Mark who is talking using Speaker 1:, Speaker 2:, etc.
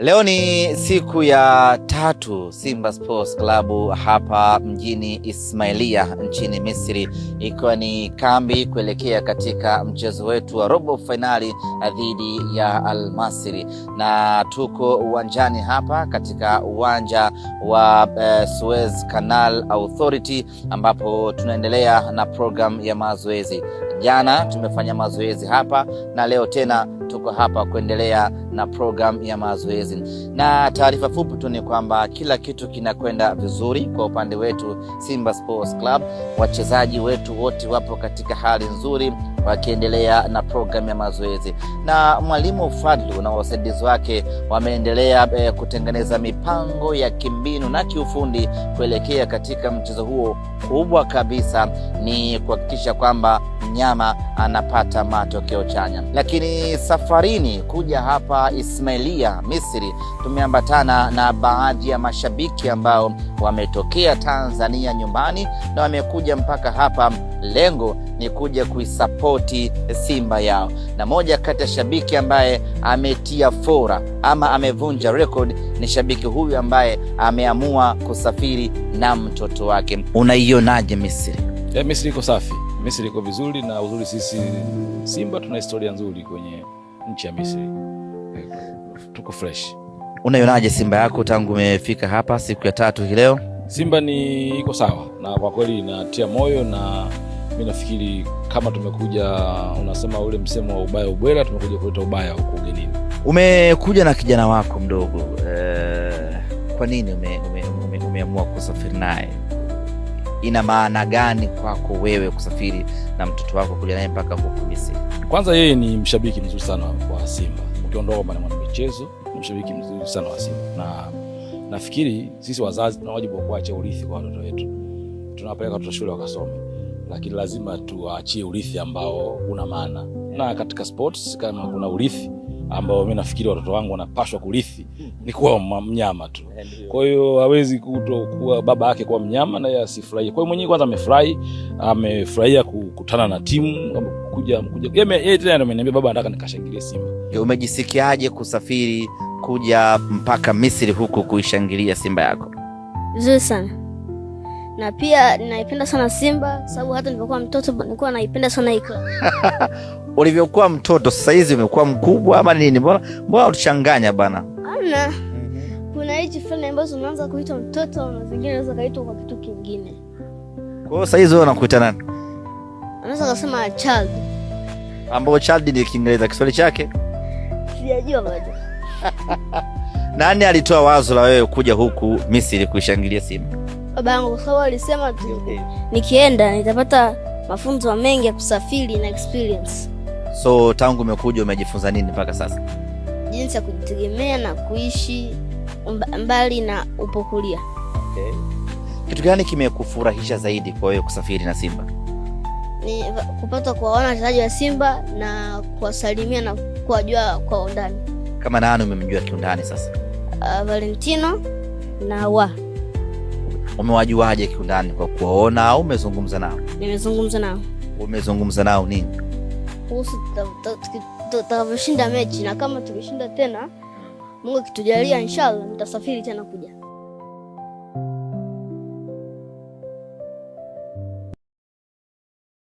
Speaker 1: Leo ni siku ya tatu Simba Sports Club hapa mjini Ismailia nchini Misri, ikiwa ni kambi kuelekea katika mchezo wetu wa robo fainali dhidi ya Al Masry, na tuko uwanjani hapa katika uwanja wa eh, Suez Canal Authority ambapo tunaendelea na programu ya mazoezi. Jana tumefanya mazoezi hapa na leo tena tuko hapa kuendelea na programu ya mazoezi. Na taarifa fupi tu ni kwamba kila kitu kinakwenda vizuri kwa upande wetu Simba Sports Club. Wachezaji wetu wote wapo katika hali nzuri wakiendelea na programu ya mazoezi, na mwalimu Fadlu na wasaidizi wake wameendelea e, kutengeneza mipango ya kimbinu na kiufundi kuelekea katika mchezo huo. Kubwa kabisa ni kuhakikisha kwamba mnyama anapata matokeo chanya. Lakini safarini kuja hapa Ismailia Misri, tumeambatana na baadhi ya mashabiki ambao wametokea Tanzania nyumbani na wamekuja mpaka hapa, lengo ni kuja kuisapoti Simba yao, na moja kati ya shabiki ambaye ametia fora ama amevunja rekodi ni shabiki huyu ambaye ameamua kusafiri na mtoto wake. Unaionaje Misri?
Speaker 2: E, Misri iko safi Misri iko vizuri na uzuri, sisi Simba tuna historia nzuri kwenye nchi ya Misri, tuko fresh.
Speaker 1: Unaionaje Simba yako tangu umefika hapa siku ya tatu hii leo?
Speaker 2: Simba ni iko sawa na kwa kweli inatia moyo, na mi nafikiri kama tumekuja, unasema ule msemo wa ubaya ubwela, tumekuja kuleta ubaya huko ugenini.
Speaker 1: Umekuja na kijana wako mdogo eh, kwa nini umeamua ume, ume, ume kusafiri naye? ina maana gani kwako wewe kusafiri na mtoto wako kuja naye mpaka huku Misri?
Speaker 2: Kwanza yeye ni mshabiki mzuri sana wa Simba, ukiondoa kwamba ni mwanamichezo, ni mshabiki mzuri sana wa Simba, na nafikiri sisi wazazi tuna wajibu wa kuacha urithi kwa watoto wetu. Tunawapeleka watoto shule wakasome, lakini lazima tuwaachie urithi ambao una maana, na katika sports kama kuna urithi ambayo mi nafikiri watoto wangu wanapashwa kurithi mm-hmm. ni kuwa mnyama tu. Eh, Kwa hiyo hawezi kutokuwa baba yake kuwa mnyama na yeye asifurahie. Kwa hiyo mwenyewe kwanza amefurahi, amefurahia kukutana na timu kuja kuja. Yeye tena ameniambia baba, nataka nikashangilie Simba.
Speaker 1: Umejisikiaje kusafiri kuja mpaka Misri huku kuishangilia Simba yako?
Speaker 3: Zuri sana na pia naipenda sana Simba sababu hata nilipokuwa mtoto nilikuwa naipenda sana hiyo.
Speaker 1: Ulivyokuwa mtoto, sasa hizi umekuwa mkubwa ama nini? Mbona mbona utuchanganya bana?
Speaker 3: Hamna. Mhm. kuna hizi fulani ambazo unaanza kuitwa mtoto na zingine unaweza kaitwa kwa kitu kingine.
Speaker 1: Kwa hiyo sasa hizi wewe unakuita nani?
Speaker 3: Unaweza kusema child.
Speaker 1: Ambao child ni Kiingereza, Kiswahili chake
Speaker 3: sijajua bado.
Speaker 1: Nani alitoa wazo la wewe kuja huku Misri kuishangilia Simba?
Speaker 3: baba yangu, kwa sababu alisema tu nikienda nitapata mafunzo mengi ya kusafiri na experience.
Speaker 1: So tangu umekuja umejifunza nini mpaka sasa?
Speaker 3: Jinsi ya kujitegemea na kuishi mbali na upokulia. Okay.
Speaker 1: Kitu gani kimekufurahisha zaidi kwa wewe kusafiri na Simba?
Speaker 3: Ni kupata kuwaona wachezaji wa Simba na kuwasalimia na kuwajua kwa undani.
Speaker 1: Kama nani umemjua kiundani sasa?
Speaker 3: Uh, Valentino na wa
Speaker 1: umewajuaje kiundani? Kwa kuwaona au umezungumza nao?
Speaker 3: Nimezungumza nao.
Speaker 1: Umezungumza nao nini?
Speaker 3: Kuhusu tutakavyoshinda mechi, na kama tukishinda tena, Mungu akitujalia, hmm. inshallah nitasafiri tena kuja